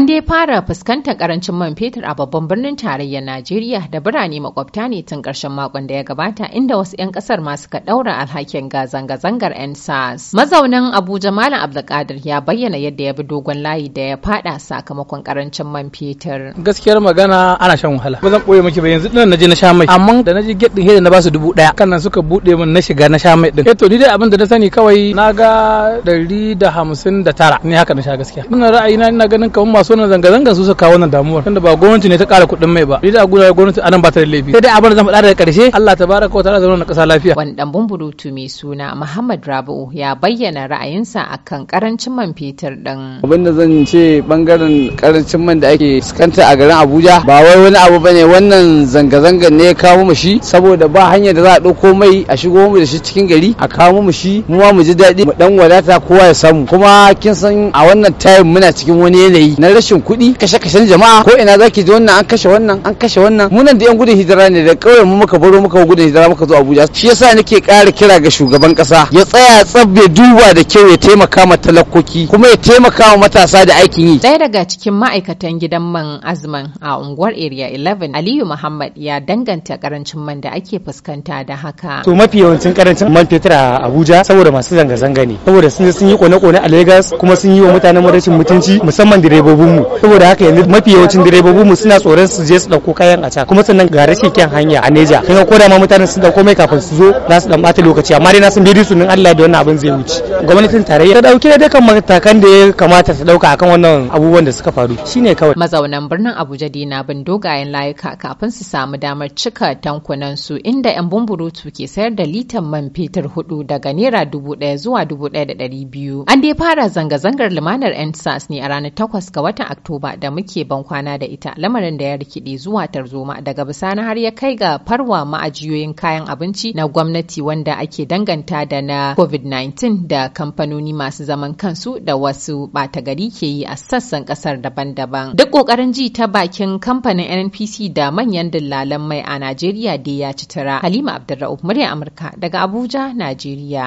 An dai fara fuskantar karancin man fetur a babban birnin tarayyar Najeriya da birane makwabta ne tun ƙarshen makon da ya gabata inda wasu 'yan ƙasar ma suka ɗaura alhakin ga zanga-zangar 'yan SARS. Mazaunin Abuja Malam Abdulkadir ya bayyana yadda ya bi dogon layi da ya fada sakamakon karancin man fetur. Gaskiyar magana ana shan wahala. Ba zan ɓoye miki ba yanzu na je na sha mai. Amma da naje get din na basu dubu ɗaya. Kannan suka buɗe min na shiga na sha mai din. Eh to ni dai abin da na sani kawai na ga ɗari da hamsin da tara. Ni haka na sha gaskiya. Ina ra'ayina ina ganin kamar masu masu na zanga-zanga su suka kawo wannan damuwar tunda ba gwamnati ne ta kara kuɗin mai ba ni da gudanar gwamnati anan ba ta da laifi sai dai abin da zan faɗa daga ƙarshe Allah ta baraka wa ta'ala zauna na ƙasa lafiya wani dan bumburutu mai suna Muhammad Rabi'u ya bayyana ra'ayinsa akan karancin man fetur din abin da zan ce bangaren karancin man da ake fuskanta a garin Abuja ba wai wani abu bane wannan zanga-zangan ne ya kawo mu shi saboda ba hanyar da za a ɗauko mai a shigo mu da shi cikin gari a kawo mu shi mu ma mu ji daɗi mu dan wadata kowa ya samu kuma kin san a wannan time muna cikin wani yanayi na rashin kuɗi kashe-kashen jama'a ko ina zaki ji wannan an kashe wannan an kashe wannan munan da yan gudun hijira ne da ƙauyen mu muka baro muka gudun hijira muka zo Abuja shi yasa nake ƙara kira ga shugaban ƙasa ya tsaya tsab ya duba da kyau ya taimaka ma talakoki kuma ya taimaka ma matasa da aikin yi ɗaya daga cikin ma'aikatan gidan man azman a unguwar area 11 Aliyu Muhammad ya danganta karancin man da ake fuskanta da haka to mafi yawancin karancin man fetur a Abuja saboda masu zanga-zanga ne saboda sun yi kone-kone a Lagos kuma sun yi wa mutanen rashin mutunci musamman direbobi direbobinmu saboda haka yanzu mafi yawancin direbobinmu suna tsoron su je su dauko kayan a can kuma sannan ga rashin kyan hanya a neja kaga ga koda ma mutanen sun dauko mai kafin su zo za su dan bata lokaci amma dai na sun bidiyo sunan Allah da wannan abin zai wuce gwamnatin tarayya ta ɗauki da kan matakan da ya kamata ta dauka akan wannan abubuwan da suka faru shine kawai mazaunan birnin Abuja dina bin dogayen layuka kafin su samu damar cika tankunan su inda yan bumburutu ke sayar da litan man fetur hudu daga naira dubu daya zuwa dubu daya da dari biyu an dai fara zanga-zangar lumanar 'yan ne a ranar takwas ga watan Oktoba da muke ban kwana da ita lamarin da ya rikide zuwa tarzoma daga bisani har ya kai ga farwa ma'ajiyoyin kayan abinci na gwamnati wanda ake danganta da na COVID-19 da kamfanoni masu zaman kansu da wasu bata gari ke yi a sassan ƙasar daban-daban. Duk ƙoƙarin ji ta bakin kamfanin NNPC da manyan dillalan mai a Najeriya dai ya ci tara. Halima Abdulrahman murya Amurka daga Abuja, Najeriya.